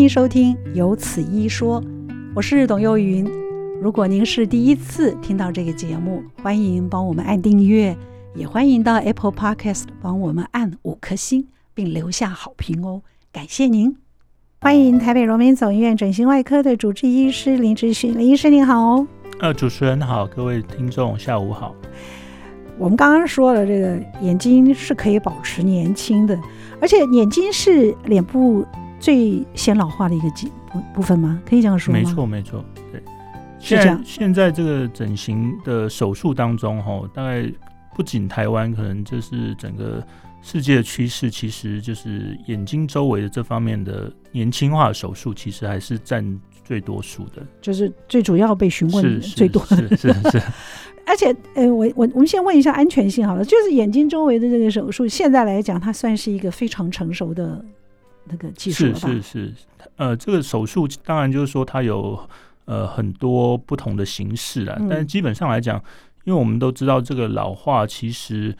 歡迎收聽《有此一說》，我是董幼雲。如果您是第一次聽到這個節目，歡迎幫我們按訂閱，也歡迎到 Apple Podcast 幫我們按五顆星並留下好評哦，感謝您！歡迎台北榮民總醫院整形外科的主治醫師林之勛，林醫師您好哦，呃，主持人好，各位聽眾下午好。我們剛剛說了，這個眼睛是可以保持年輕的，而且眼睛是臉部。最先老化的一個部部分嗎？可以這樣說嗎？沒錯，沒錯，對。現在是這樣，現在這個整形的手術當中，哈、哦，大概不僅台灣，可能就是整個世界的趨勢，其實就是眼睛周圍的這方面的年輕化手術，其實還是佔最多數的，就是最主要被詢問最多，是是是，是。 而且，呃，我我我們先問一下安全性好了，就是眼睛周圍的這個手術，現在來講，它算是一個非常成熟的。那個技術是是是，呃，這個手術當然就是說它有呃很多不同的形式啦，嗯、但是基本上來講，因為我們都知道這個老化其實，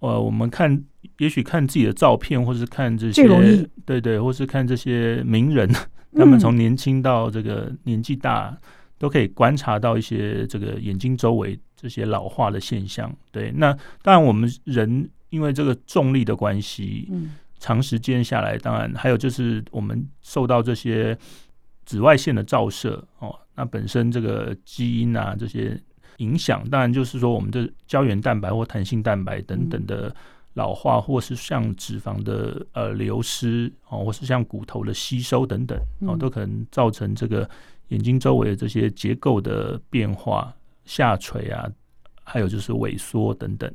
呃，我們看也許看自己的照片，或是看這些，對，對對，或是看這些名人，他們從年輕到這個年紀大，嗯、都可以觀察到一些這個眼睛周圍這些老化的現象。對，那當然我們人因為這個重力的關係，嗯。長時間下來，當然還有就是我們受到這些紫外線的照射哦，那本身這個基因啊、這些影響，當然就是說我們的膠原蛋白或彈性蛋白等等的老化，嗯、或是像脂肪的呃流失哦，或是像骨頭的吸收等等哦，嗯、都可能造成這個眼睛周圍的這些結構的變化、下垂啊，還有就是萎縮等等。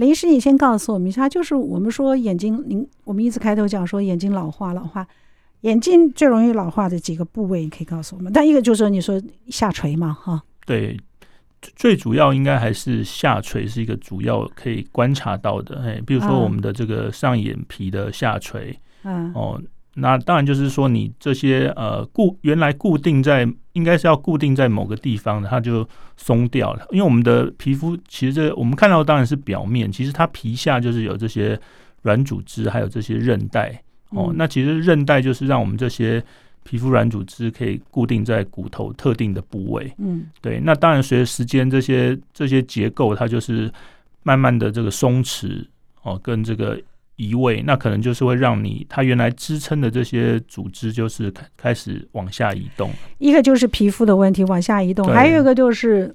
林醫師你先告訴我們一下，就是我們說眼睛，您我們一直開頭講說眼睛老化，老化，眼睛最容易老化的幾個部位，你可以告訴我們。但一個就是說你說下垂嘛，哈、啊。對，最主要應該還是下垂是一個主要可以觀察到的，哎，比如說我們的這個上眼皮的下垂，嗯、啊，哦、啊。呃那當然就是說，你這些呃固原來固定在應該是要固定在某個地方的，它就鬆掉了。因為我們的皮膚其實這我們看到的當然是表面，其實它皮下就是有這些軟組織，還有這些韌帶哦。嗯、那其實韌帶就是讓我們這些皮膚軟組織可以固定在骨頭特定的部位。嗯，對。那當然隨着時間這些這些結構，它就是慢慢的這個鬆弛哦，跟這個。移位，那可能就是會讓你它原來支撐的這些組織就是開始往下移動。一個就是皮膚的問題往下移動，對還有一個就是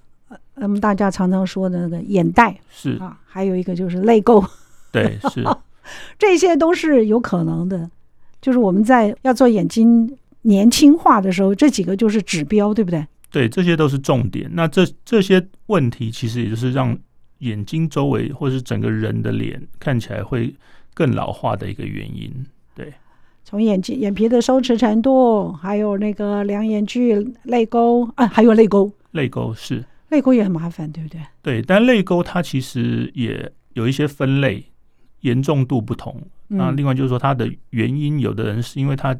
我們、嗯、大家常常說的那個眼袋是啊，還有一個就是淚溝，對，是， 這些都是有可能的。就是我們在要做眼睛年輕化的時候，這幾個就是指標，對不對？對，這些都是重點。那這這些問題其實也就是讓眼睛周圍或是整個人的臉看起來會。更老化的一個原因，對。從眼睛、眼皮的鬆弛程度，還有那個兩眼距、淚溝啊，還有淚溝，淚溝是淚溝也很麻煩，對不對？對，但淚溝它其實也有一些分類，嚴重度不同。那另外就是說，它的原因，有的人是因為它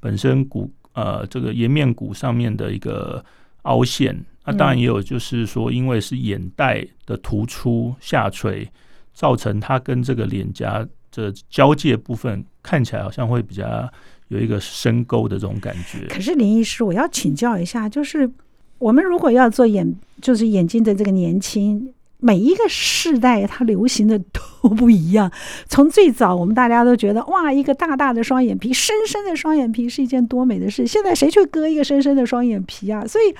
本身骨呃這個顏面骨上面的一個凹陷，啊，那當然也有就是說，因為是眼袋的突出下垂，造成它跟這個臉頰。這交界部分看起來好像會比較有一個深溝的這種感覺。可是林醫師，我要請教一下，就是我們如果要做眼，就是眼睛的這個年輕，每一個世代它流行的都不一樣。從最早，我們大家都覺得哇，一個大大的雙眼皮，深深的雙眼皮是一件多美的事。現在誰去割一個深深的雙眼皮啊？所以，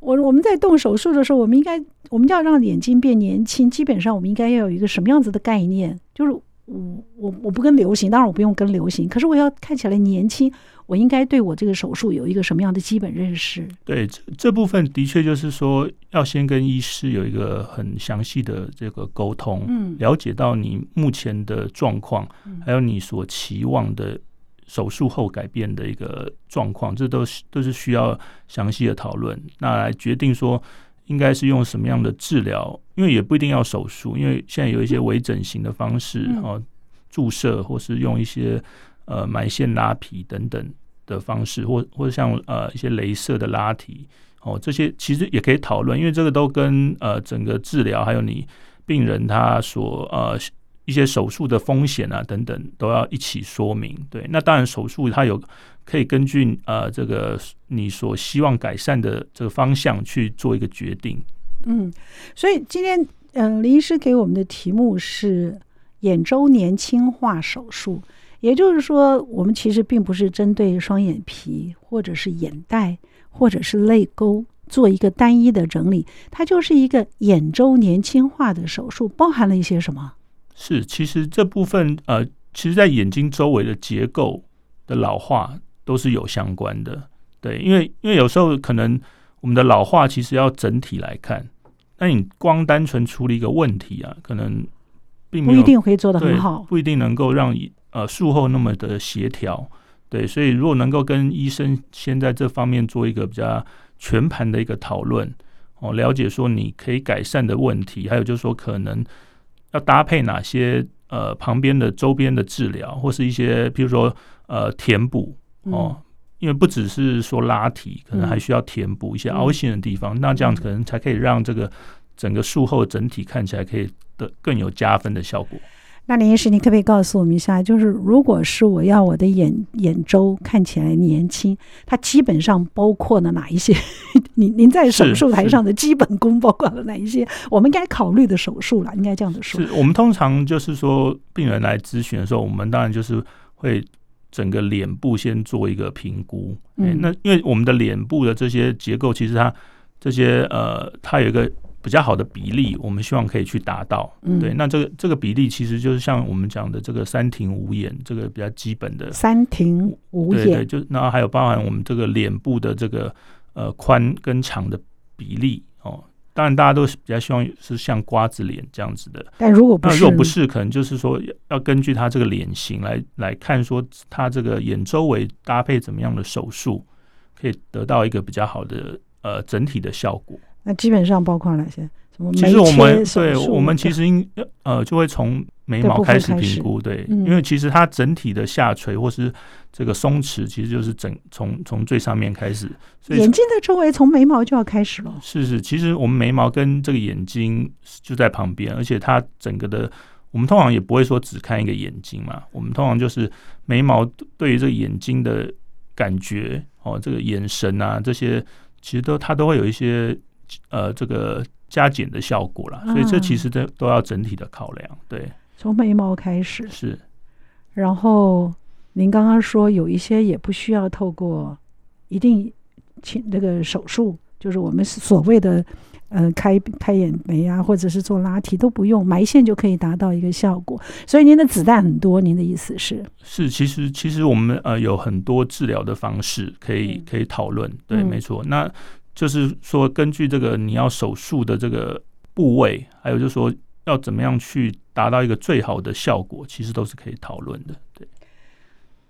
我我們在動手術的時候，我們應該我們要讓眼睛變年輕，基本上我們應該要有一個什麼樣子的概念，就是。我我我不跟流行，當然我不用跟流行，可是我要看起來年輕，我應該對我這個手術有一個什麼樣的基本認識？對，這這部分的確就是說，要先跟醫師有一個很詳細的這個溝通，嗯，了解到你目前的狀況，嗯，還有你所期望的手術後改變的一個狀況，這都是都是需要詳細的討論，那來決定說。應該是用什麼樣的治療？因為也不一定要手術，因為現在有一些微整形的方式然後、啊、注射或是用一些呃埋線拉皮等等的方式，或或者像呃一些鐳射的拉提哦，這些其實也可以討論，因為這個都跟呃整個治療還有你病人他所呃。一些手術的風險啊等等都要一起說明。對，那當然手術它有可以根據呃這個你所希望改善的這個方向去做一個決定。嗯，所以今天嗯、呃、林醫師給我們的題目是眼周年輕化手術，也就是說我們其實並不是針對雙眼皮或者是眼袋或者是淚溝做一個單一的整理，它就是一個眼周年輕化的手術，包含了一些什麼？是，其實這部分呃，其實，在眼睛周圍的結構的老化都是有相關的，對，因為因為有時候可能我們的老化其實要整體來看，那你光單純處理一個問題啊，可能並沒有不一定會做得很好，不一定能夠讓呃術後那麼的協調，對，所以如果能夠跟醫生先在這方面做一個比較全盤的一個討論，哦，了解說你可以改善的問題，還有就是說可能。要搭配哪些呃旁邊的周邊的治療，或是一些譬如說呃填補哦，嗯、因為不只是說拉提，可能還需要填補一些凹陷的地方，嗯、那這樣子可能才可以讓這個整個術後整體看起來可以的更有加分的效果。那林醫師，你可不可以告訴我們一下，就是如果是我要我的眼眼周看起來年輕，它基本上包括了哪一些？您 您在手術台上的基本功包括了哪一些？是我們應該考慮的手術了，應該這樣子說。是我們通常就是說，病人來諮詢的時候，我們當然就是會整個臉部先做一個評估。嗯、欸，那因為我們的臉部的這些結構，其實它這些呃，它有一個。比較好的比例，我們希望可以去達到。嗯、對，那這個這個比例其實就是像我們講的這個三庭五眼，這個比較基本的三庭五眼，對，對對，就是然後還有包含我們這個臉部的這個、嗯、呃寬跟長的比例哦。當然，大家都是比較希望是像瓜子臉這樣子的。但如果如果不是，可能就是說要根據他這個臉型來來看，說他這個眼周圍搭配怎麼樣的手術，可以得到一個比較好的、嗯、呃整體的效果。 那基本上包括哪些？其實我們對我們其實應呃就會從眉毛開始評估，對，因為其實它整體的下垂或是這個鬆弛，其實就是整從從最上面開始。所以眼睛的周圍從眉毛就要開始了。是是，其實我們眉毛跟這個眼睛就在旁邊，而且它整個的，我們通常也不會說只看一個眼睛嘛。我們通常就是眉毛對於這個眼睛的感覺哦，這個眼神啊這些，其實都它都會有一些。呃，這個加減的效果啦，啊、所以這其實都都要整體的考量。對，從眉毛開始是，然後您剛剛說有一些也不需要透過一定請這個手術，就是我們所謂的嗯、呃、開開眼眉啊，或者是做拉提都不用埋線就可以達到一個效果，所以您的子彈很多。嗯、您的意思是？是，其實其實我們呃有很多治療的方式可以可以討論。嗯、對，沒錯。嗯、那。就是說，根據這個你要手術的這個部位，還有就是說要怎麼樣去達到一個最好的效果，其實都是可以討論的。對，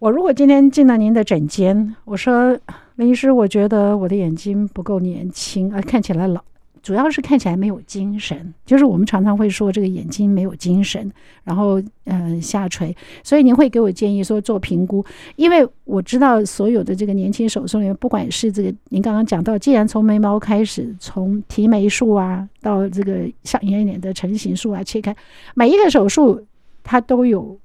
我如果今天進了您的診間，我說，林醫師，我覺得我的眼睛不夠年輕啊，看起來老。主要是看起來沒有精神，就是我們常常會說這個眼睛沒有精神，然後嗯下垂，所以您會給我建議說做評估，因為我知道所有的這個年輕手術裡面，不管是這個您剛剛講到，既然從眉毛開始，從提眉術啊到這個上眼瞼的成形術啊切開，每一個手術它都有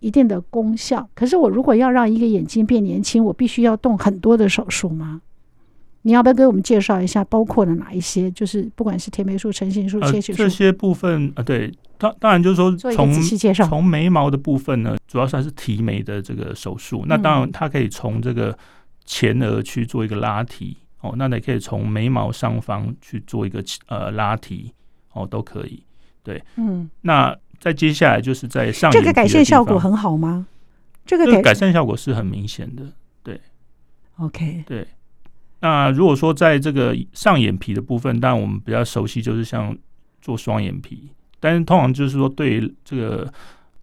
一定的功效。可是我如果要讓一個眼睛變年輕，我必須要動很多的手術嗎？你要不要給我們介紹一下，包括了哪一些？就是不管是提眉術、成型術、切取術這些這些部分啊、呃，對，當當然就是說，從仔細介紹，從眉毛的部分呢，主要是還是提眉的這個手術。那當然，它可以從這個前額去做一個拉提，嗯、哦，那你可以從眉毛上方去做一個呃拉提哦，都可以。對，嗯，那再接下來就是在上這個改善效果很好嗎？這個改，改善效果是很明顯的，對。OK，對。那如果說在這個上眼皮的部分，當然我們比較熟悉就是像做雙眼皮，但是通常就是說，對這個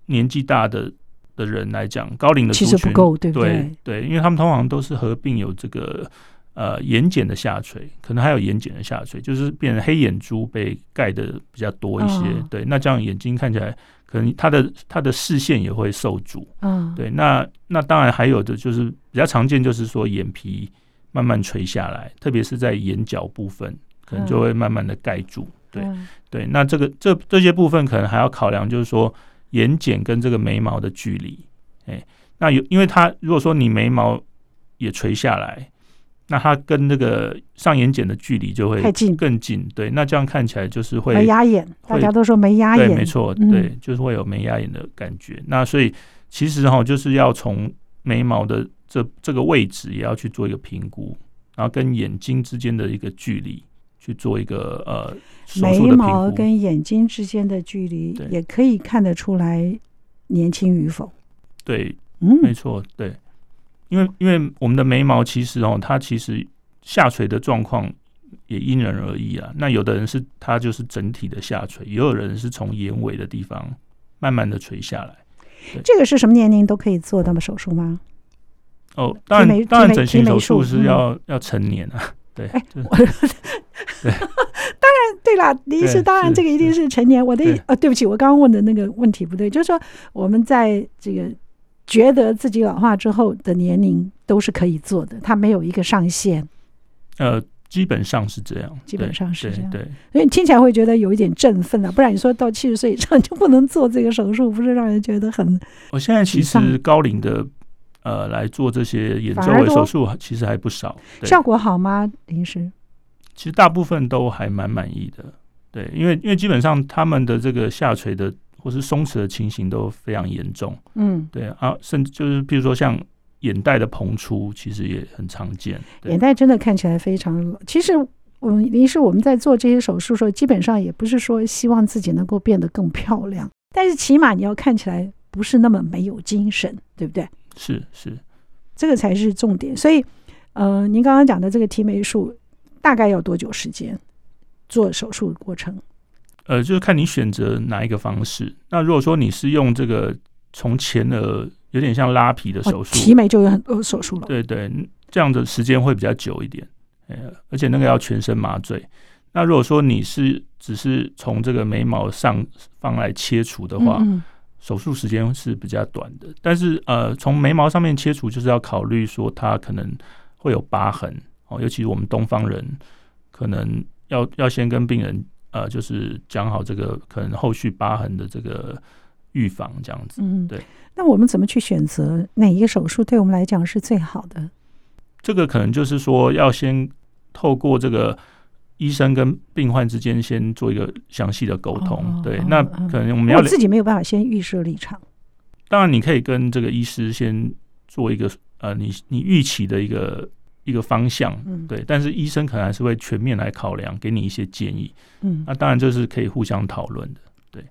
年紀大的的人來講，高齡的族群其實不夠，對不對？對，對，因為他們通常都是合併有這個呃眼瞼的下垂，可能還有眼瞼的下垂，就是變成黑眼珠被蓋的比較多一些。哦、對，那這樣眼睛看起來可能他的他的視線也會受阻。哦、對，那那當然還有的就是比較常見就是說眼皮。慢慢垂下來，特別是在眼角部分，可能就會慢慢的蓋住。嗯、對、嗯、對，那這個這這些部分可能還要考量，就是說眼瞼跟這個眉毛的距離。哎、欸，那有，因為它如果說你眉毛也垂下來，那它跟那個上眼瞼的距離就會太近、更近。對，那這樣看起來就是會壓眼，會大家都說眉壓眼，對沒錯，嗯、對，就是會有眉壓眼的感覺。那所以其實哈，就是要從眉毛的。這這個位置也要去做一個評估，然後跟眼睛之間的一個距離去做一個呃，手術。眉毛跟眼睛之間的距離也可以看得出來年輕與否。對，嗯，沒錯，對，因為因為我們的眉毛其實哦，它其實下垂的狀況也因人而異啊。那有的人是它就是整體的下垂，也有人是從眼尾的地方慢慢的垂下來。這個是什麼年齡都可以做的手術嗎？哦，當然，當然，整形手術是要要成年啊，對，當然，對啦，一定當然，這個一定是成年。我的意，對不起，我剛剛問的那個問題不對，就是說，我們在這個覺得自己老化之後的年齡都是可以做的，它沒有一個上限。呃，基本上是這樣，基本上是這樣，所以聽起來會覺得有一點振奮啊。不然你說到七十歲以上就不能做這個手術，不是讓人覺得很……我現在其實高齡的。呃，來做這些眼周圍手術，其實還不少。對。效果好嗎？林醫師，其實大部分都還蠻滿意的。對，因為因為基本上他們的這個下垂的或是鬆弛的情形都非常嚴重。嗯，對啊，甚至就是比如說像眼袋的膨出，其實也很常見。眼袋真的看起來非常……其實，我們林醫師我們在做這些手術的時候，基本上也不是說希望自己能夠變得更漂亮，但是起碼你要看起來不是那麼沒有精神，對不對？是是，是這個才是重點。所以，呃，您剛剛講的這個提眉術，大概要多久時間做手術的過程？呃，就是看你選擇哪一個方式。那如果說你是用這個從前的，有點像拉皮的手術，哦、提眉就有很多手術了。對對，這樣的時間會比較久一點。而且那個要全身麻醉。嗯、那如果說你是只是從這個眉毛上方來切除的話。嗯手術時間是比較短的，但是呃，從眉毛上面切除就是要考慮說它可能會有疤痕哦，尤其是我們東方人可能要要先跟病人呃，就是講好這個可能後續疤痕的這個預防這樣子。嗯，對。那我們怎麼去選擇哪一個手術對我們來講是最好的？這個可能就是說要先透過這個。醫生跟病患之間先做一個詳細的溝通，哦、對，哦、那可能我們要我自己沒有辦法先預設立場。當然，你可以跟這個醫師先做一個呃，你你預期的一個一個方向，嗯、對。但是醫生可能還是會全面來考量，給你一些建議。嗯，那、啊、當然這是可以互相討論的。對，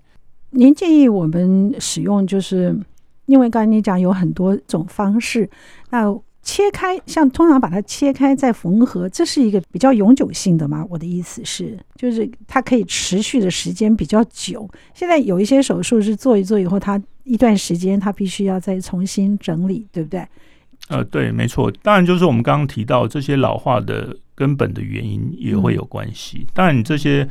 您建議我們使用，就是因為剛才你講有很多種方式，那。切開，像通常把它切開再縫合，這是一個比較永久性的嗎？我的意思是，就是它可以持續的時間比較久。現在有一些手術是做一做以後，它一段時間它必須要再重新整理，對不對？呃，對，沒錯。當然就是我們剛剛提到這些老化的根本的原因也會有關係。當然、嗯、你這些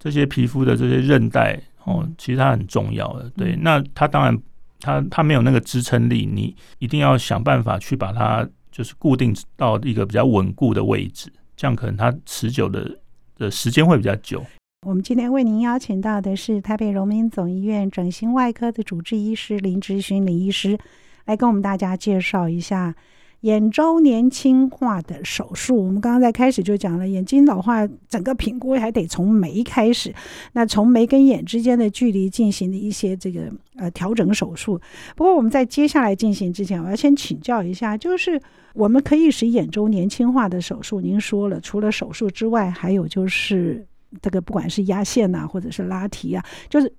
這些皮膚的這些韌帶哦，其實它很重要的。對，嗯、那它當然。它它沒有那個支撐力，你一定要想辦法去把它就是固定到一個比較穩固的位置，這樣可能它持久的的，呃，時間會比較久。我們今天為您邀請到的是台北榮民總醫院整形外科的主治醫師林之勛林醫師，來跟我們大家介紹一下。眼周年輕化的手術，我們剛剛在開始就講了，眼睛老化整個評估還得從眉開始，那從眉跟眼之間的距離進行的一些這個呃調整手術。不過我們在接下來進行之前，我要先請教一下，就是我們可以使眼周年輕化的手術。您說了，除了手術之外，還有就是這個不管是壓線吶、啊，或者是拉提啊，就是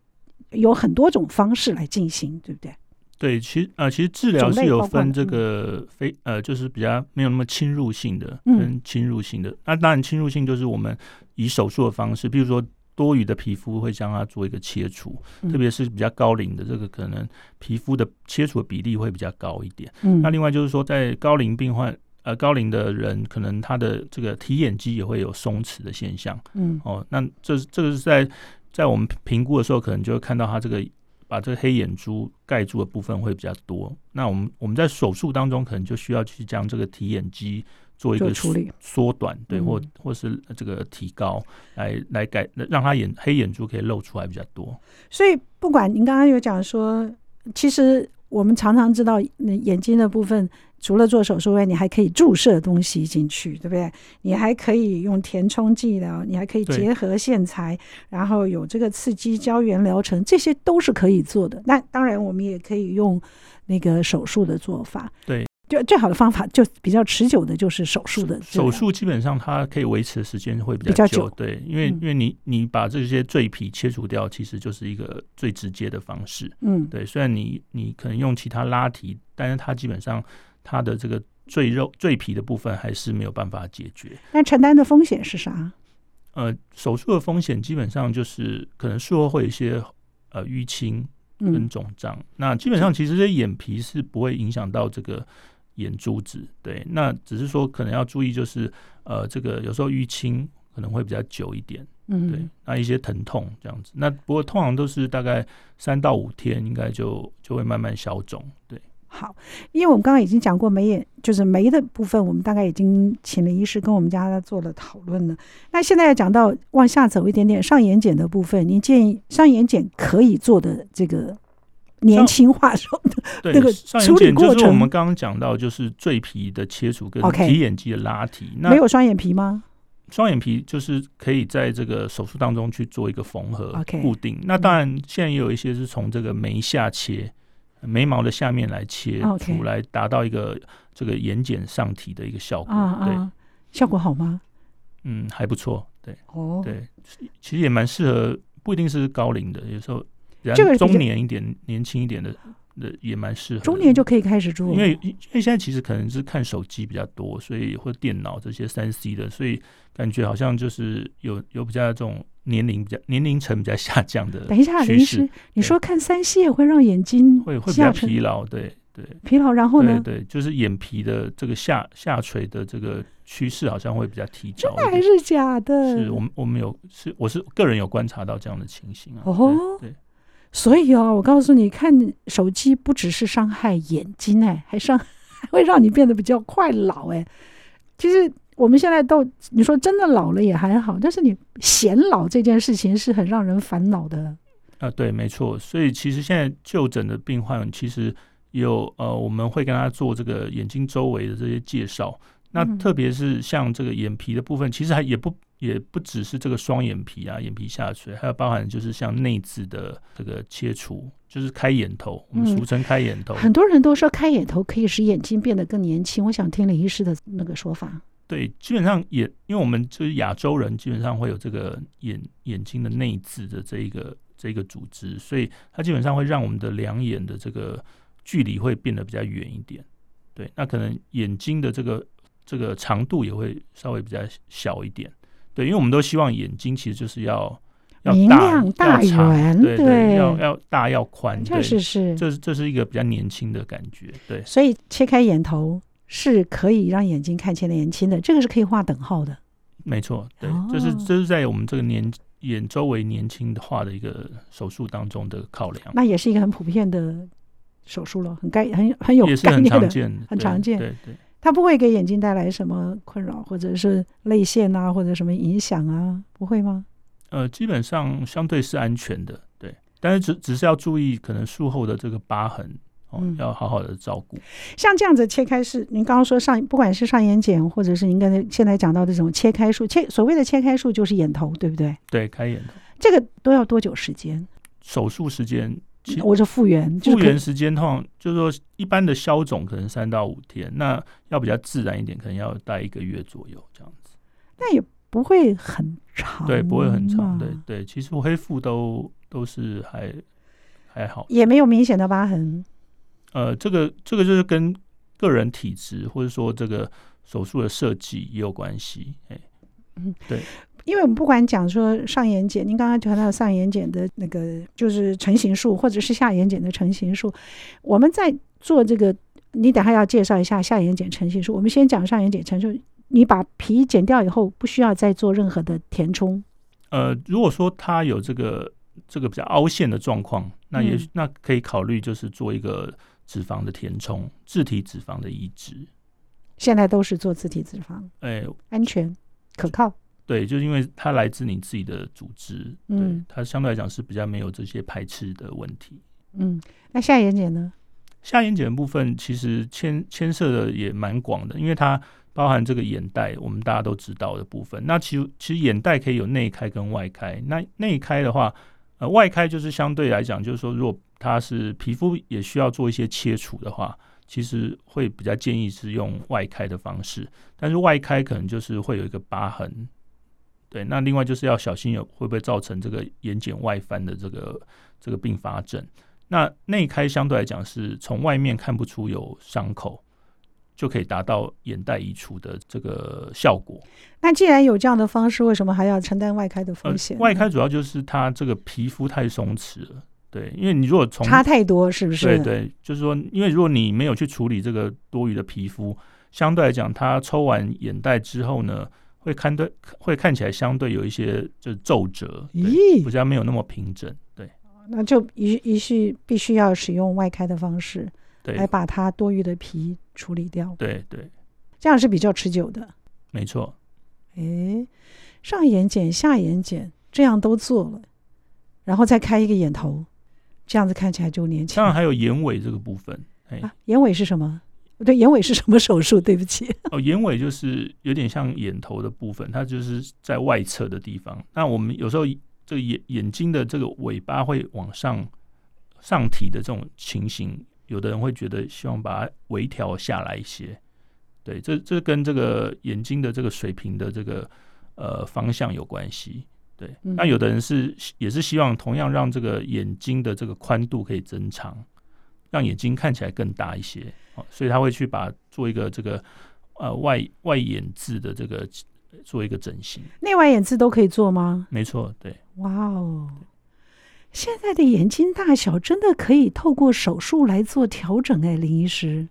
有很多種方式來進行，對不對？對，其實、呃、其實治療是有分這個非呃，就是比較沒有那麼侵入性的，嗯，侵入性的。那、嗯啊、當然，侵入性就是我們以手術的方式，譬如說多餘的皮膚會將它做一個切除，嗯、特別是比較高齡的，這個可能皮膚的切除的比例會比較高一點。嗯、那另外就是說，在高齡病患呃高齡的人，可能他的這個提眼肌也會有鬆弛的現象。嗯，哦，那這是這個是在在我們評估的時候，可能就會看到他這個。把這個黑眼珠蓋住的部分會比較多，那我們我們在手術當中可能就需要去將這個提眼肌做一個縮做處理、縮短，對，或或是這個提高，嗯、來來改讓它眼黑眼珠可以露出來比較多。所以，不管您剛剛有講說，其實我們常常知道眼睛的部分。除了做手術外，你還可以注射東西進去，對不對？你還可以用填充劑的，你還可以結合線材，對然後有這個刺激膠原療程，這些都是可以做的。那當然，我們也可以用那個手術的做法。對，就最好的方法就比較持久的，就是手術的手。手術基本上它可以維持的時間會比較久，比較久，對，因為、嗯、因為你你把這些贅皮切除掉，其實就是一個最直接的方式。嗯，對。雖然你你可能用其他拉提，但是它基本上。他的這個贅肉、贅皮的部分還是沒有辦法解決。那承擔的風險是啥？呃，手術的風險基本上就是可能術後會有一些呃淤青跟腫脹。嗯、那基本上其實這眼皮是不會影響到這個眼珠子。對，那只是說可能要注意就是呃，這個有時候淤青可能會比較久一點。嗯，對，那一些疼痛這樣子。那不過通常都是大概三到五天應，應該就就會慢慢消腫。對。好，因為我們剛剛已經講過眉眼，就是眉的部分，我們大概已經請了醫師跟我們家做了討論了。那現在要講到往下走一點點，上眼瞼的部分，您建議上眼瞼可以做的這個年輕化說那個處理過程？對對，上眼瞼，就是我們剛剛講到就是贅皮的切除跟提眼肌的拉提。Okay, 那沒有雙眼皮嗎？雙眼皮就是可以在這個手術當中去做一個縫合固定。Okay, 那當然，現在也有一些是從這個眉下切。眉毛的下面來切除，來達到一個這個眼瞼上提的一個效果。對，效果好嗎？嗯，還不錯。對，哦，對，其實也蠻適合，不一定是高齡的，有時候比較中年一點，年輕一點的也蠻適合。中年就可以開始做，因為因為現在其實可能是看手機比較多，所以或者電腦這些三 C 的，所以感覺好像就是有有比較這種。年齡比較，年齡層比較下降的。等一下，林醫師，對你說看三 C 也會讓眼睛會會比較疲勞？對對，疲勞。然後呢？對對，就是眼皮的這個下下垂的這個趨勢，好像會比較提早。真的還是假的？是我們我們有是我是個人有觀察到這樣的情形啊。哦、oh,，對，所以啊、哦，我告訴你，看手機不只是傷害眼睛哎，還傷害會讓你變得比較快老哎。其實。我們現在都你說真的，老了也還好，但是你顯老這件事情是很讓人煩惱的。啊，對，沒錯。所以其實現在就診的病患，其實有呃，我們會跟他做這個眼睛周圍的這些介紹。那特別是像這個眼皮的部分，嗯、其實還也不也不只是這個雙眼皮啊，眼皮下垂，還有包含就是像內眦的這個切除，就是開眼頭。我們俗稱開眼頭、嗯。很多人都說開眼頭可以使眼睛變得更年輕，我想聽林醫師的那個說法。對，基本上也，因為我們就是亞洲人，基本上會有這個眼眼睛的內置的這一個這一個組織，所以它基本上會讓我們的兩眼的這個距離會變得比較遠一點。對，那可能眼睛的這個這個長度也會稍微比較小一點。對，因為我們都希望眼睛其實就是要，要大明亮大圓，對，對，對，要對要大要寬，對是，對這是這是一個比較年輕的感覺。對，所以切開眼頭。是可以讓眼睛看起來年輕的，這個是可以畫等號的。沒錯，對，哦、就是這、就是在我們這個年眼周圍年輕化的一個手術當中的考量。那也是一個很普遍的手術了，很概很很有概念的，也是很常見的，很常見。對對，對對，它不會給眼睛帶來什麼困擾，或者是淚腺啊，或者什麼影響啊，不會嗎？呃，基本上相對是安全的，對。但是只只是要注意，可能術後的這個疤痕。嗯、哦，要好好的照顧、嗯。像這樣子切開是，您剛剛說上，不管是上眼瞼，或者是您剛才現在講到的這種切開術，切所謂的切開術就是眼頭，對不對？對，開眼頭。這個都要多久時間？手術時間？我是復原，復、就是、原時間通常就是說一般的消腫可能三到五天，那要比較自然一點，可能要待一個月左右這樣子。那也不會很長，對，不會很長，嘛對對。其實我恢復都都是還還好，也沒有明顯的疤痕。呃，這個這個就是跟個人體質，或者說這個手術的設計也有關係，哎，嗯，對，因為我們不管講說上眼瞼，您剛剛談到上眼瞼的那個就是成型術，或者是下眼瞼的成型術，我們在做這個，你等下要介紹一下下眼瞼成型術。我們先講上眼瞼成型，你把皮剪掉以後，不需要再做任何的填充。呃，如果說它有這個這個比較凹陷的狀況，那也許、嗯、那可以考慮就是做一個，脂肪的填充，自體脂肪的移植，現在都是做自體脂肪，哎，安全可靠。對，就是因為它來自你自己的組織，嗯對，它相對來講是比較沒有這些排斥的問題。嗯，那下眼瞼呢？下眼瞼的部分其實牽牽涉的也蠻廣的，因為它包含這個眼袋，我們大家都知道的部分。那其實其實眼袋可以有內開跟外開，那內開的話，呃，外開就是相對來講，就是說如果它是皮膚也需要做一些切除的話，其實會比較建議是用外開的方式。但是外開可能就是會有一個疤痕，對。那另外就是要小心有會不會造成這個眼瞼外翻的這個這個併發症。那內開相對來講是從外面看不出有傷口，就可以達到眼袋移除的這個效果。那既然有這樣的方式，為什麼還要承擔外開的風險？呃，外開主要就是它這個皮膚太鬆弛了。對，因為你如果從差太多是不是？對對，就是說，因為如果你沒有去處理這個多餘的皮膚，相對來講，它抽完眼袋之後呢，會看對，會看起來相對有一些就是皺褶，咦，比較沒有那麼平整。對，那就一一是必須要使用外開的方式，對，來把它多餘的皮處理掉。對對，這樣是比較持久的。沒錯。哎，上眼瞼、下眼瞼這樣都做了，然後再開一個眼頭。這樣子看起來就年輕。當然還有眼尾這個部分，哎、欸啊，眼尾是什麼？對，眼尾是什麼手術？對不起。哦，眼尾就是有點像眼頭的部分，它就是在外側的地方。那我們有時候這個眼眼睛的這個尾巴會往上上提的這種情形，有的人會覺得希望把它微調下來一些。對，這這跟這個眼睛的這個水平的這個呃方向有關係。對，那有的人是也是希望同樣讓這個眼睛的這個寬度可以增長，嗯、讓眼睛看起來更大一些，所以他會去把做一個這個呃外外眼眥的這個做一個整形，內外眼眥都可以做嗎？沒錯，對。哇哦，現在的眼睛大小真的可以透過手術來做調整哎、啊，林醫師。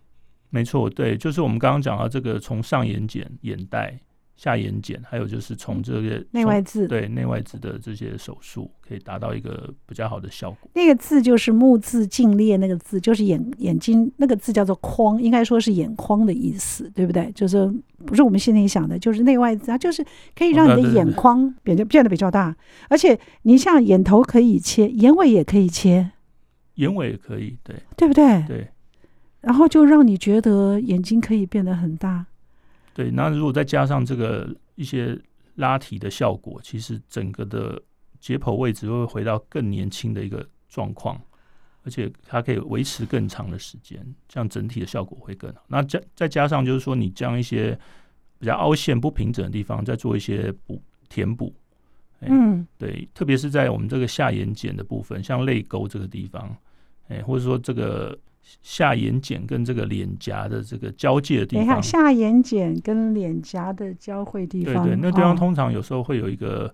沒錯，對，就是我們剛剛講到這個從上眼瞼眼袋、下眼瞼，還有就是從這個內外眥，對內外眥的這些手術，可以達到一個比較好的效果。那個字就是目字鏡裂，那個字就是眼眼睛，那個字叫做眶，應該說是眼眶的意思，對不對？就是不是我們心裡想的，就是內外眥它就是可以讓你的眼眶變得變得比較大，哦、對對對，而且你像眼頭可以切，眼尾也可以切，眼尾也可以，對，對不對？對，然後就讓你覺得眼睛可以變得很大。對，那如果再加上這個一些拉提的效果，其實整個的解剖位置會回到更年輕的一個狀況，而且它可以維持更長的時間，這樣整體的效果會更好。那加再加上就是說，你將一些比較凹陷不平整的地方再做一些補填補，嗯、欸，對，特別是在我們這個下眼瞼的部分，像淚溝這個地方，哎、欸，或者說這個。下眼瞼跟這個臉頰的這個交界的地方，下眼瞼跟臉頰的交匯地方，對對，那個地方通常有時候會有一個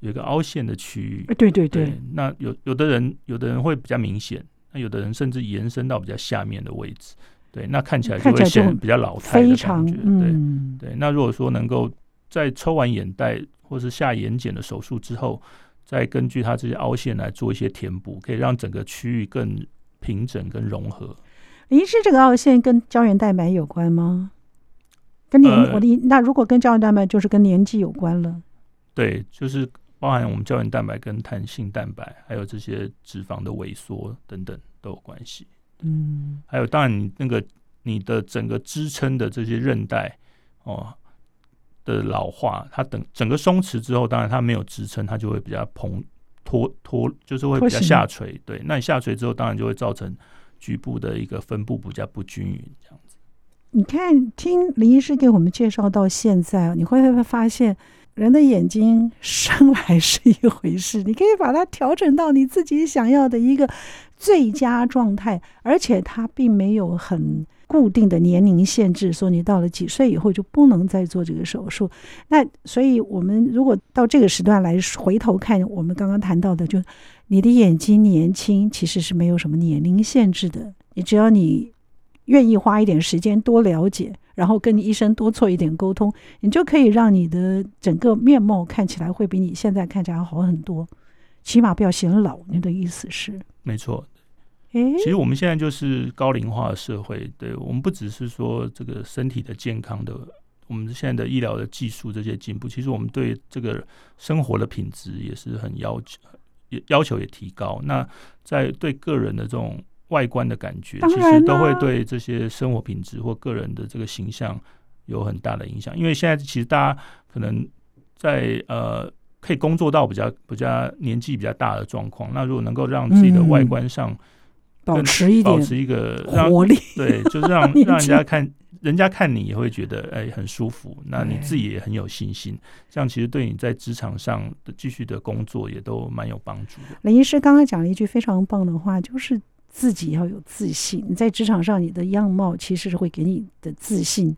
有一個凹陷的區域，對對對、哦、對。那有有的人有的人會比較明顯，那有的人甚至延伸到比較下面的位置，對，那看起來就會顯得比較老態的感覺，對對。那如果說能夠在抽完眼袋或是下眼瞼的手術之後，再根據它這些凹陷來做一些填補，可以讓整個區域更。平整跟融合。你汁這個凹陷跟膠原蛋白有關嗎？跟年、呃、我的那如果跟膠原蛋白就是跟年紀有關了。對，就是包含我們膠原蛋白、跟彈性蛋白，還有這些脂肪的萎縮等等都有關係。嗯，還有當然你那個你的整個支撐的這些韌帶哦的老化，它等整個鬆弛之後，當然它沒有支撐，它就會比較膨。脫脫就是會比較下垂，對，那你下垂之後，當然就會造成局部的一個分布比較不均勻這樣子。你看，聽林醫師給我們介紹到現在，你會不會發現人的眼睛生來是一回事？你可以把它調整到你自己想要的一個最佳狀態，而且它並沒有很，固定的年齡限制，說你到了幾歲以後就不能再做這個手術。那所以，我們如果到這個時段來回頭看，我們剛剛談到的就，就你的眼睛年輕，其實是沒有什麼年齡限制的。你只要你願意花一點時間多了解，然後跟你醫生多做一點溝通，你就可以讓你的整個面貌看起來會比你現在看起來好很多，起碼不要顯老。你的意思是？沒錯。其實我們現在就是高齡化的社會，對，我們不只是說這個身體的健康的，我們現在的醫療的技術這些進步，其實我們對這個生活的品質也是很要求，也要求也提高。那在對個人的這種外觀的感覺，啊、其實都會對這些生活品質或個人的這個形象有很大的影響。因為現在其實大家可能在呃可以工作到比較比較年紀比較大的狀況，那如果能夠讓自己的外觀上嗯嗯。保持一點，保持一個活力，對，就是讓讓人家看，人家看你也會覺得，哎，很舒服。那你自己也很有信心，這樣其實對你在職場上的繼續的工作也都蠻有幫助的。嗯。林醫師剛剛講了一句非常棒的話，就是自己要有自信。你在職場上，你的樣貌其實是會給你的自信，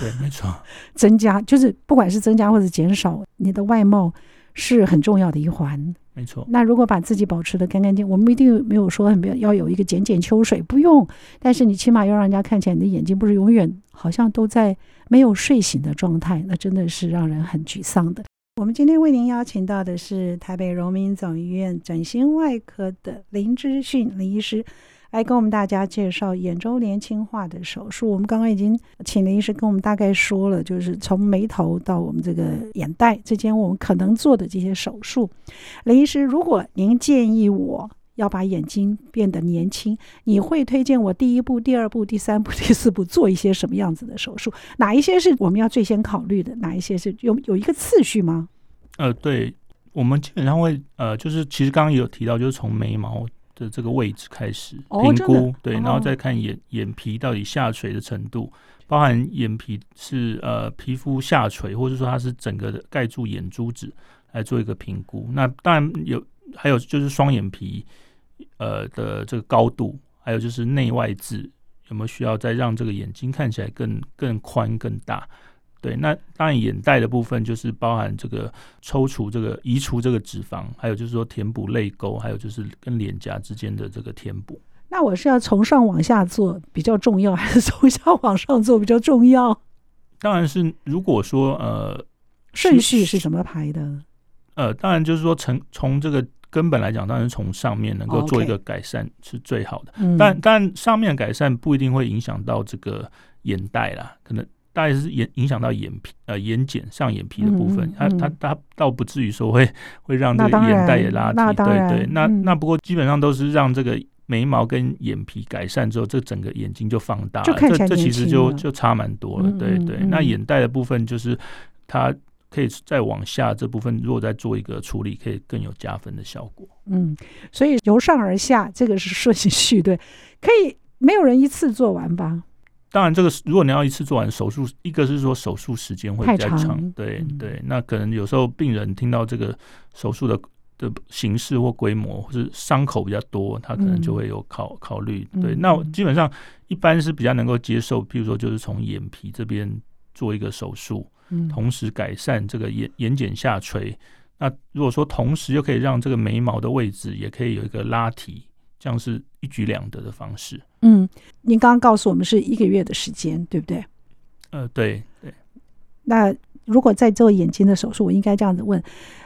對，沒錯，增加就是不管是增加或者減少，你的外貌是很重要的一環。沒錯，那如果把自己保持得乾乾淨，我們一定沒有說很要要有一個減減秋水不用，但是你起碼要讓人家看起來你的眼睛不是永遠好像都在沒有睡醒的狀態，那真的是讓人很沮喪的。 我們今天為您邀請到的是台北榮民總醫院整形外科的林之勛林醫師。來跟我們大家介紹眼周年輕化的手術。我們剛剛已經請林醫師跟我們大概說了，就是從眉頭到我們這個眼袋之間，我們可能做的這些手術。林醫師，如果您建議我要把眼睛變得年輕，你會推薦我第一步、第二步、第三步、第四步做一些什麼樣子的手術？哪一些是我們要最先考慮的？哪一些是有有一個次序嗎？呃，對，我們基本上會呃，就是其實剛剛有提到，就是從眉毛，的這個位置開始評估，oh, oh. 對，然後再看眼眼皮到底下垂的程度，包含眼皮是呃皮膚下垂，或者說它是整個蓋住眼珠子，來做一個評估。那當然有，還有就是雙眼皮，呃的這個高度，還有就是內外眦有沒有需要再讓這個眼睛看起來更更寬更大。對，那當然眼袋的部分就是包含這個抽除、這個移除這個脂肪，還有就是說填補淚溝，還有就是跟臉頰之間的這個填補。那我是要從上往下做比較重要，還是從下往上做比較重要？當然是，如果說呃，順序是什麼排的？呃，當然就是說，從從這個根本來講，當然從上面能夠做一個改善是最好的。Okay. 但但上面改善不一定會影響到這個眼袋啦，可能。大概是眼影響到眼皮，呃、眼瞼上眼皮的部分，嗯嗯、它它它倒不至於說會會讓這個眼袋也拉低，對，對對，那那、嗯、那不過基本上都是讓這個眉毛跟眼皮改善之後，這整個眼睛就放大了，了這這其實就就差蠻多了，嗯、對，對對。嗯、那眼袋的部分就是它可以再往下這部分，如果再做一個處理，可以更有加分的效果。嗯，所以由上而下這個是順序，對，可以沒有人一次做完吧？當然，這個如果你要一次做完手術，一個是說手術時間會比較長，太長。對、嗯、對。那可能有時候病人聽到這個手術的的形式或規模，或是傷口比較多，他可能就會有考、嗯、考慮。對，嗯、那基本上一般是比較能夠接受，比如說就是從眼皮這邊做一個手術，嗯、同時改善這個眼眼瞼下垂。那如果說同時又可以讓這個眉毛的位置也可以有一個拉提。像是一舉兩得的方式。嗯，您剛剛告訴我們是一個月的時間，對不對？呃，對對。那如果在做眼睛的手術，我應該這樣子問：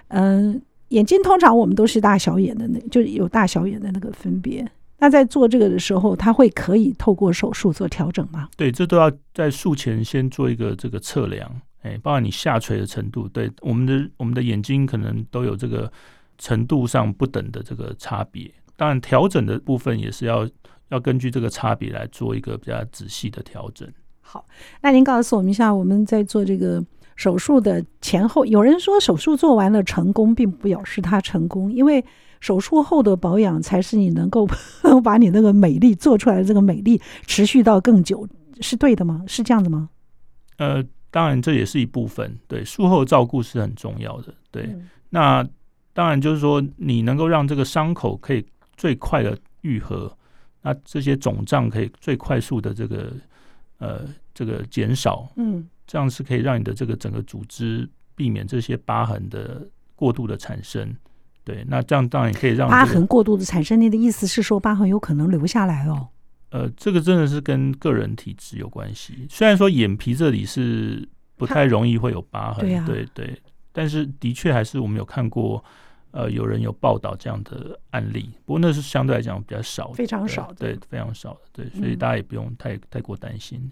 嗯、呃，眼睛通常我們都是大小眼的，那就是有大小眼的那個分別。那在做這個的時候，它會可以透過手術做調整嗎？對，這都要在術前先做一個這個測量，哎，包括你下垂的程度。對，我們的我們的眼睛可能都有這個程度上不等的這個差別。當然，調整的部分也是要要根據這個差別來做一個比較仔細的調整。好，那您告訴我們一下，我們在做這個手術的前後，有人說手術做完了成功，並不表示它成功，因為手術後的保養才是你能夠把你那個美麗做出來的這個美麗持續到更久，是對的嗎？是這樣子嗎？呃，當然，這也是一部分，對，術後照顧是很重要的。對，嗯、那當然就是說，你能夠讓這個傷口可以。最快的愈合，那這些腫脹可以最快速的這個呃這個減少，嗯，這樣是可以讓你的這個整個組織避免這些疤痕的過度的產生，對，那這樣當然也可以讓疤痕過度的產生。你的意思是說疤痕有可能留下來哦？呃，這個真的是跟個人體質有關係。雖然說眼皮這裡是不太容易會有疤痕，對啊，對對對，但是的確還是我們有看過。呃，有人有報道這樣的案例，不過那是相對來講比較少的，非常少的對，對，非常少的，對，所以大家也不用太、嗯、太過擔心。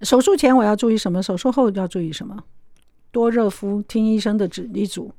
手術前我要注意什麼？手術後要注意什麼？多熱敷，聽醫生的指令組。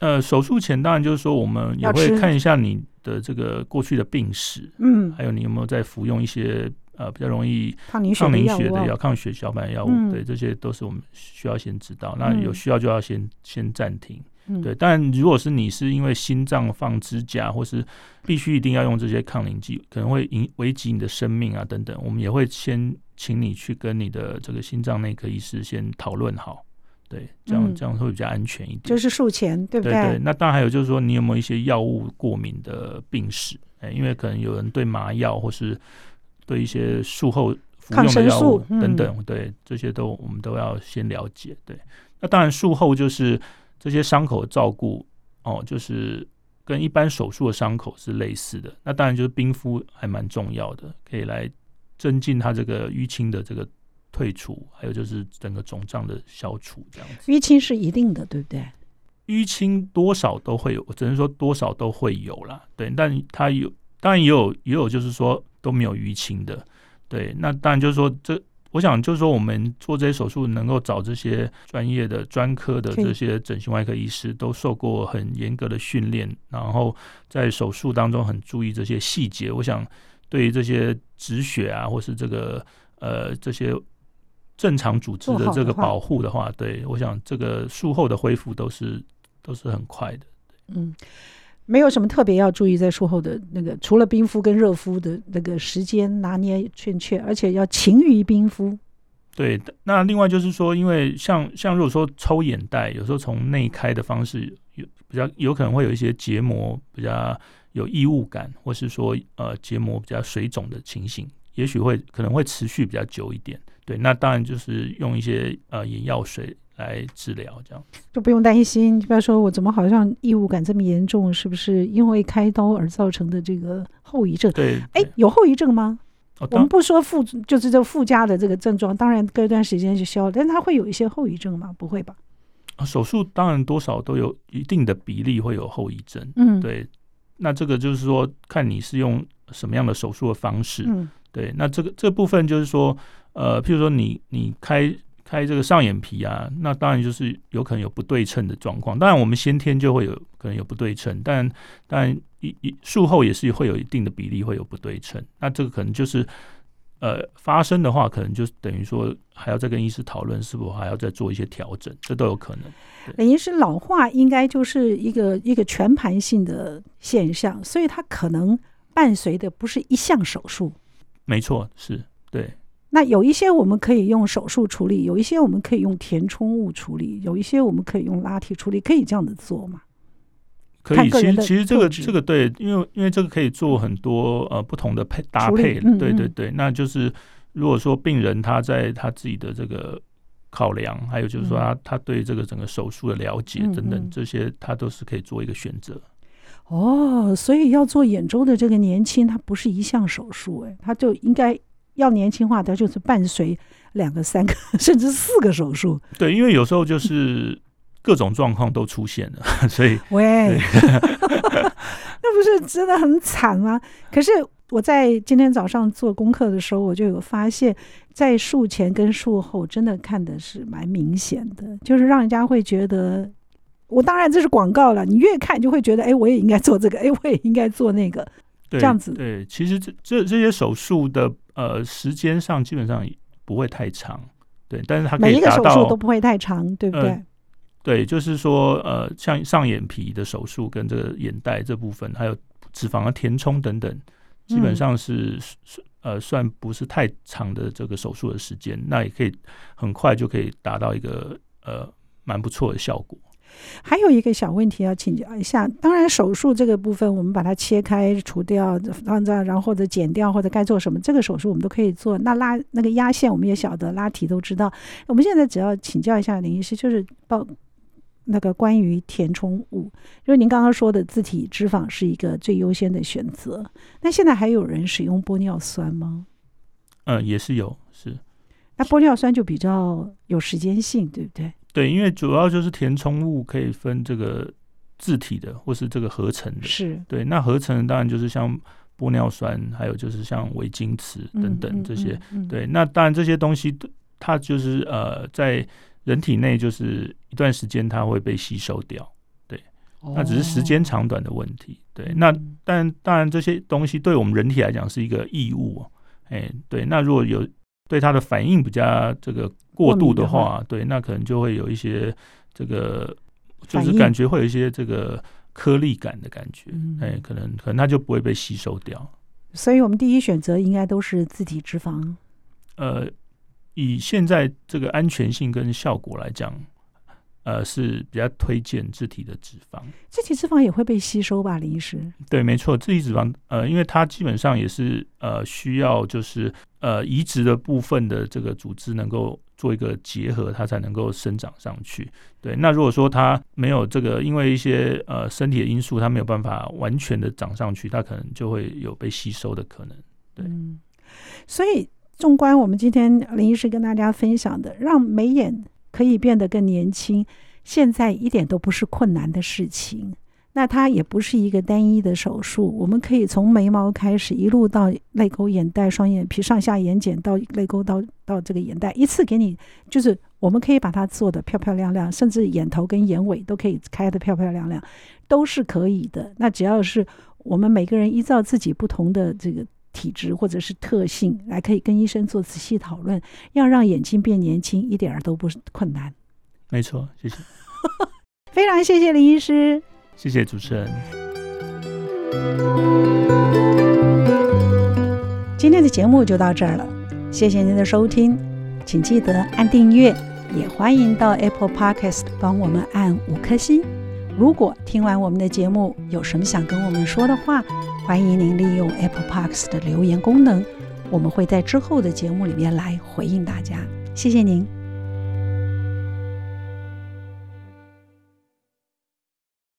呃，手術前當然就是說，我們也會看一下你的這個過去的病史，嗯吃，還有你有沒有在服用一些呃比較容易抗凝血的藥、嗯、抗血小板藥物，嗯、對，這些都是我們需要先知道。嗯、那有需要就要先先暫停。對，但如果是你是因為心臟放支架，或是必須一定要用這些抗凝劑，可能會危危及你的生命啊等等，我們也會先請你去跟你的這個心臟內科醫師先討論好，對，這樣這樣會比較安全一點。嗯、就是術前對不對？對，對。那當然還有就是說，你有沒有一些藥物過敏的病史、哎？因為可能有人對麻藥或是對一些術後服用的藥物等等，嗯、對這些都我們都要先了解。對，那當然術後就是。這些傷口的照顧，哦，就是跟一般手術的傷口是類似的。那當然就是冰敷還蠻重要的，可以來增進它這個淤青的這個退除，還有就是整個腫脹的消除這樣子。淤青是一定的，對不對？淤青多少都會有，我只能說多少都會有啦。對，但它有，當然也有，也有就是說都沒有淤青的。對，那當然就是說這。我想就是說，我們做這些手術，能夠找這些專業的、專科的這些整形外科醫師，都受過很嚴格的訓練，可以，然後在手術當中很注意這些細節。我想，對於這些止血啊，或是這個呃這些正常組織的這個保護的話，的話對，我想這個術後的恢復都是都是很快的。對嗯。沒有什麼特別要注意，在術後的那個，除了冰敷跟熱敷的那個時間拿捏準確，而且要勤於冰敷。對，那另外就是說，因為像像如果說抽眼袋，有時候從內開的方式有比較有可能會有一些結膜比較有異物感，或是說呃結膜比較水腫的情形，也許會可能會持續比較久一點。對，那當然就是用一些呃眼藥水。來治療，這樣就不用擔心。你不要說，我怎麼好像異物感這麼嚴重，是不是因為開刀而造成的這個後遺症？對，對，哎，有後遺症嗎？哦，我們不說附，就是這附加的這個症狀，當然隔一段時間就消了，但是它會有一些後遺症嗎？不會吧？手術當然多少都有一定的比例會有後遺症。嗯，對。那這個就是說，看你是用什麼樣的手術的方式。嗯，對。那這個這部分就是說，呃，譬如說你你開。開這個上眼皮啊，那當然就是有可能有不對稱的狀況。當然，我們先天就會有可能有不對稱，但但一一術後也是會有一定的比例會有不對稱。那這個可能就是呃發生的話，可能就等於說還要再跟醫師討論是否還要再做一些調整，這都有可能。等於是老化應該就是一個一個全盤性的現象，所以它可能伴隨的不是一項手術。沒錯，是，對。那有一些我們可以用手術處理，有一些我們可以用填充物處理，有一些我們可以用拉提處理，可以這樣子做嗎？可以，其實其實這個這個對，因為因為這個可以做很多呃不同的配搭配，處理，對對對。嗯嗯，那就是如果說病人他在他自己的這個考量，還有就是說他、嗯、他對這個整個手術的了解等等，嗯嗯，這些，他都是可以做一個選擇。哦，所以要做眼周的這個年輕，它不是一項手術，哎，他就應該。要年輕化，它就是伴隨兩個、三個甚至四個手術。對，因為有時候就是各種狀況都出現了， 所以喂，那不是真的很慘嗎？可是我在今天早上做功課的時候，我就有發現，在術前跟術後真的看的是蠻明顯的，就是讓人家會覺得，我當然這是廣告了，你越看就會覺得，誒，我也應該做這個，誒，我也應該做那個，對這樣子。對，其實這這這些手術的。呃，時間上基本上不會太長，對。但是它可以每一個手術都不會太長，對不對、呃？對，就是說，呃，像上眼皮的手術跟這個眼袋這部分，還有脂肪的填充等等，基本上是是、嗯、呃，算不是太長的這個手術的時間，那也可以很快就可以達到一個呃蠻不錯的效果。還有一個小問題要請教一下，當然手術這個部分，我們把它切開、除掉、放在，然後，或者剪掉，或者該做什麼，這個手術我們都可以做。那拉那個壓線，我們也曉得，拉提都知道。我們現在只要請教一下林醫師，就是報那個關於填充物，因為您剛剛說的自體脂肪是一個最優先的選擇。那現在還有人使用玻尿酸嗎？嗯、呃，也是有，是。那玻尿酸就比較有時間性，對不對？對，因為主要就是填充物可以分這個自體的，或是這個合成的。是對，那合成的當然就是像玻尿酸，還有就是像微晶瓷等等這些。嗯嗯嗯嗯、對，那當然這些東西它就是呃，在人體內就是一段時間它會被吸收掉。對，那只是時間長短的問題。哦、對，那但當然這些東西對我們人體來講是一個異物哦。哎，對，那如果有。對它的反應比較這個過度的話，的話對，那可能就會有一些這個，就是感覺會有一些這個顆粒感的感覺，反應。哎，可能可能它就不會被吸收掉。所以我們第一選擇應該都是自體脂肪。呃，以現在這個安全性跟效果來講。呃，是比較推薦自體的脂肪，自體脂肪也會被吸收吧，林醫師？對，沒錯，自體脂肪，呃，因為它基本上也是呃，需要就是呃，移植的部分的這個組織能夠做一個結合，它才能夠生長上去。對，那如果說它沒有這個，因為一些呃身體的因素，它沒有辦法完全的長上去，它可能就會有被吸收的可能。對，嗯。所以縱觀我們今天林醫師跟大家分享的，讓眉眼。可以變得更年輕，現在一點都不是困難的事情。那它也不是一個單一的手術，我們可以從眉毛開始，一路到淚溝、眼袋、雙眼皮、上下眼瞼到淚溝到到這個眼袋，一次給你，就是，我們可以把它做得漂漂亮亮，甚至眼頭跟眼尾都可以開得漂漂亮亮，都是可以的。那只要是我們每個人依照自己不同的這個。體質或者是特性，來可以跟醫生做仔細討論。要讓眼睛變年輕，一點兒都不困難。沒錯，謝謝。 非常謝謝林醫師，謝謝主持人。今天的節目就到這兒了，謝謝您的收聽，請記得按訂閱，也歡迎到 Apple Podcast 幫我們按五顆星。如果聽完我們的節目，有什麼想跟我們說的話。歡迎您利用 Apple Parks 的留言功能，我們會在之後的節目裡面來回應大家。謝謝您。